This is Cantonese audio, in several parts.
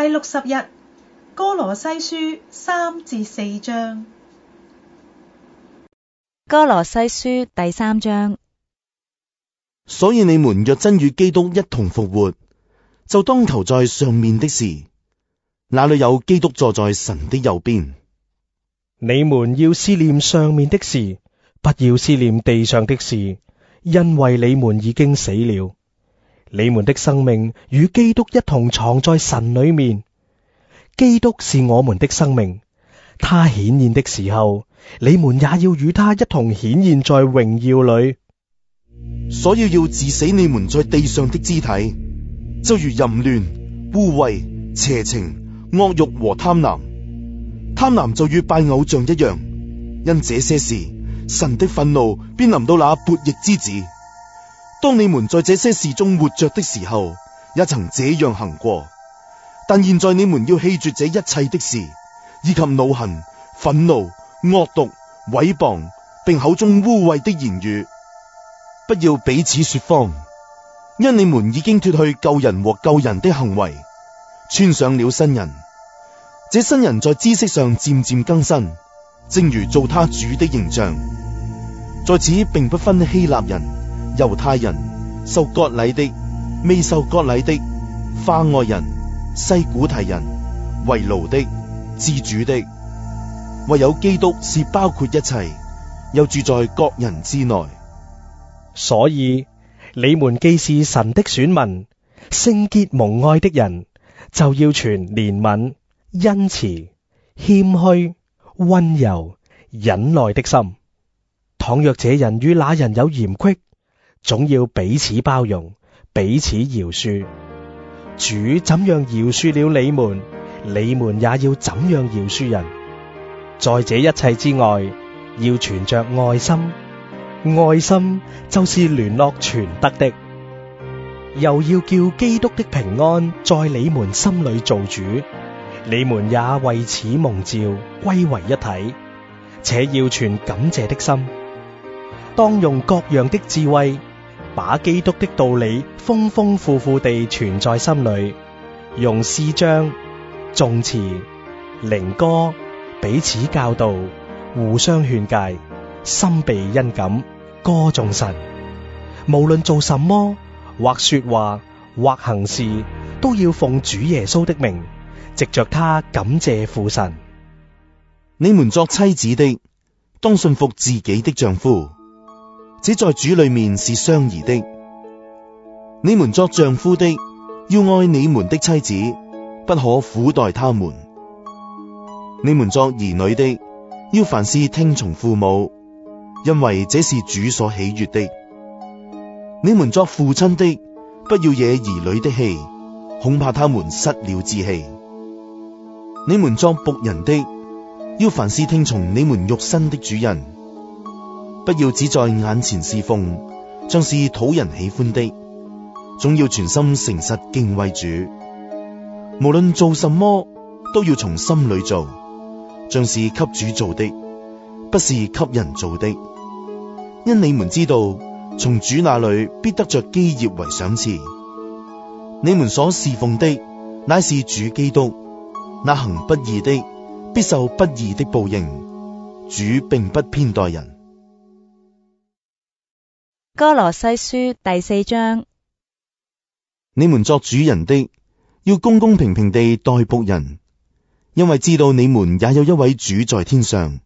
第六十日，哥羅西書三至四章。哥羅西書第三章。所以你們若真與基督一同復活，就當求在上面的事。那裏有基督坐在神的右邊。你們要思念上面的事，不要思念地上的事，因為你們已經死了。你們的生命與基督一同藏在神裏面，基督是我們的生命，他顯現的時候，你們也要與他一同顯現在榮耀裏。所以要治死你們在地上的肢體，就如淫亂、污穢、邪情、惡欲和貪婪。貪婪就如拜偶像一樣，因這些事，神的憤怒便臨到那悖逆之子。當你們在這些事中活着的時候，也曾這樣行過；但現在你們要棄絕這一切的事，以及惱恨、憤怒、惡毒、毀謗，並口中污穢的言語。不要彼此說謊，因你們已經脫去舊人和舊人的行為，穿上了新人。這新人在知識上漸漸更新，正如做他主的形象。在此，並不分希臘人。猶太人、受割禮的、未受割禮的、化外人、西古提人、為奴的、自主的，唯有基督是包括一切，又住在各人之內。所以你們既是神的選民，聖潔蒙愛的人，就要存憐憫、恩慈、謙虛、温柔、忍耐的心。倘若這人與那人有嫌隙，總要彼此包容，彼此饒恕。主怎樣饒恕了你們，你們也要怎樣饒恕人。在這一切之外，要存着愛心。愛心就是聯絡全德的。又要叫基督的平安在你們心裏做主。你們也為此蒙召，歸為一體，且要存感謝的心。當用各樣的智慧。把基督的道理豐豐富富地存在心裏，用詩章、頌詞、靈歌彼此教導、互相勸誡，心被恩感歌頌神。無論做什麼或說話或行事，都要奉主耶穌的名，藉着他感謝父神。你們作妻子的，當順服自己的丈夫。只在主裏面是相宜的。你們作丈夫的，要愛你們的妻子，不可苦待他們；你們作兒女的，要凡事聽從父母，因為這是主所喜悅的。你們作父親的，不要惹兒女的氣，恐怕他們失了志氣。你們作僕人的，要凡事聽從你們肉身的主人。不要只在眼前侍奉，像是討人喜歡的；總要全心誠實敬畏主。無論做什麼，都要從心裏做，像是給主做的，不是給人做的。因你們知道，從主那裏必得着基業為賞賜。你們所侍奉的乃是主基督，那行不義的必受不義的報應。主並不偏待人。歌羅西書第四章，你們作主人的要公公平平地待僕人，因為知道你們也有一位主在天上。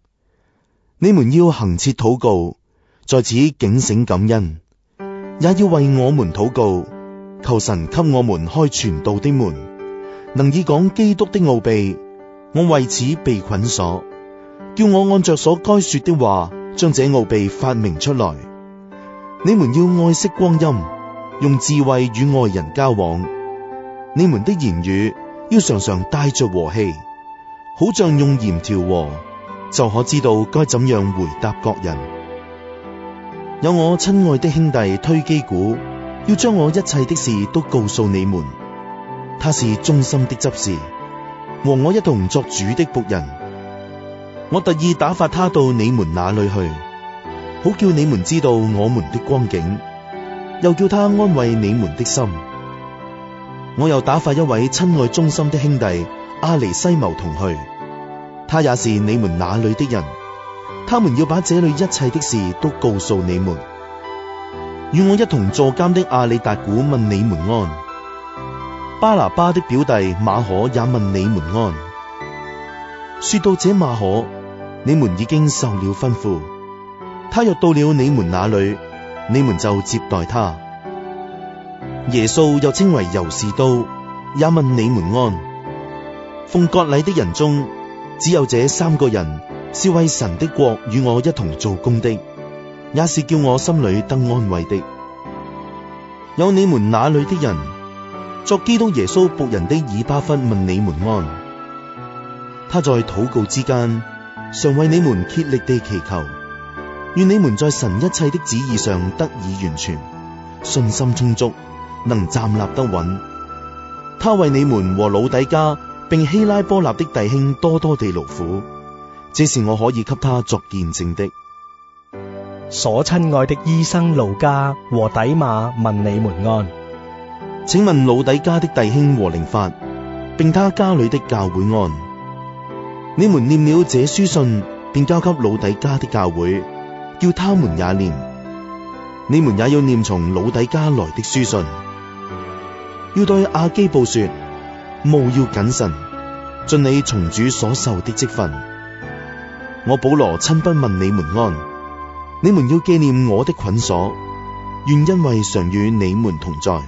你們要行切禱告，在此警醒感恩，也要為我們禱告，求神給我們開傳道的門，能以講基督的奧秘。我為此被捆鎖，叫我按着所該說的話，將這奧秘發明出來。你們要愛惜光陰，用智慧與外人交往。你們的言語要常常帶着和氣，好像用鹽調和，就可知道該怎樣回答各人。有我親愛的兄弟推基古，要將我一切的事都告訴你們。他是忠心的執事，和我一同作主的僕人。我特意打發他到你們那裏去。好叫你們知道我們的光景，又叫他安慰你們的心。我又打發一位親愛忠心的兄弟阿尼西母同去，他也是你們那裏的人。他們要把這裏一切的事都告訴你們。與我一同坐監的阿里達古問你們安，巴拿巴的表弟馬可也問你們安。說到這馬可，你們已經受了吩咐。他若到了你們那裏，你們就接待他。耶穌又稱為猶士都，也問你們安。奉割禮的人中，只有這三個人是為神的國與我一同做工的，也是叫我心裏得安慰的。有你們那裏的人作基督耶穌僕人的以巴弗問你們安。他在禱告之間，常為你們竭力地祈求。願你們在神一切的旨意上得以完全，信心充足，能站立得穩。他為你們和老底嘉並希拉波納的弟兄多多地勞苦，這是我可以給他作見證的。所親愛的醫生路加和底馬問你們安，請問老底嘉的弟兄和靈法，並他家裏的教會安。你們念了這書信，便交給老底嘉的教會。叫他們也念，你們也要念從老底嘉來的書信。要對亞基布說，務要謹慎，盡你從主所受的職分。我保羅親不問你們安，你們要記念我的捆鎖，願因為常與你們同在。